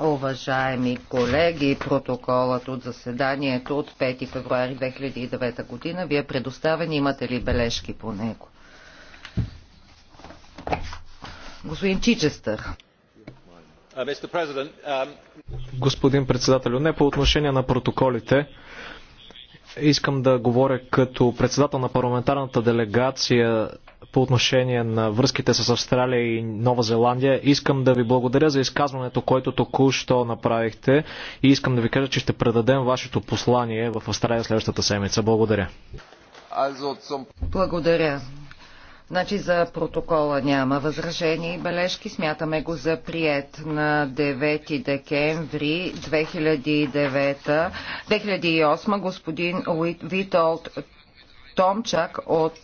Уважаеми колеги, протоколът от заседанието от 5 февруари 2009 година ви е предоставен. Имате ли бележки по него? Господин Чичестър. Uh, um, Господин председател, не по отношение на протоколите. Искам да говоря като председател на парламентарната делегация по отношение на връзките с Австралия и Нова Зеландия. Искам да ви благодаря за изказването, което току-що направихте и искам да ви кажа, че ще предадем вашето послание в Австралия следващата седмица. Благодаря. Благодаря. Значи за протокола няма възражения и бележки. Смятаме го за прият на 9 декември 2009, 2008 господин Витолд Томчак от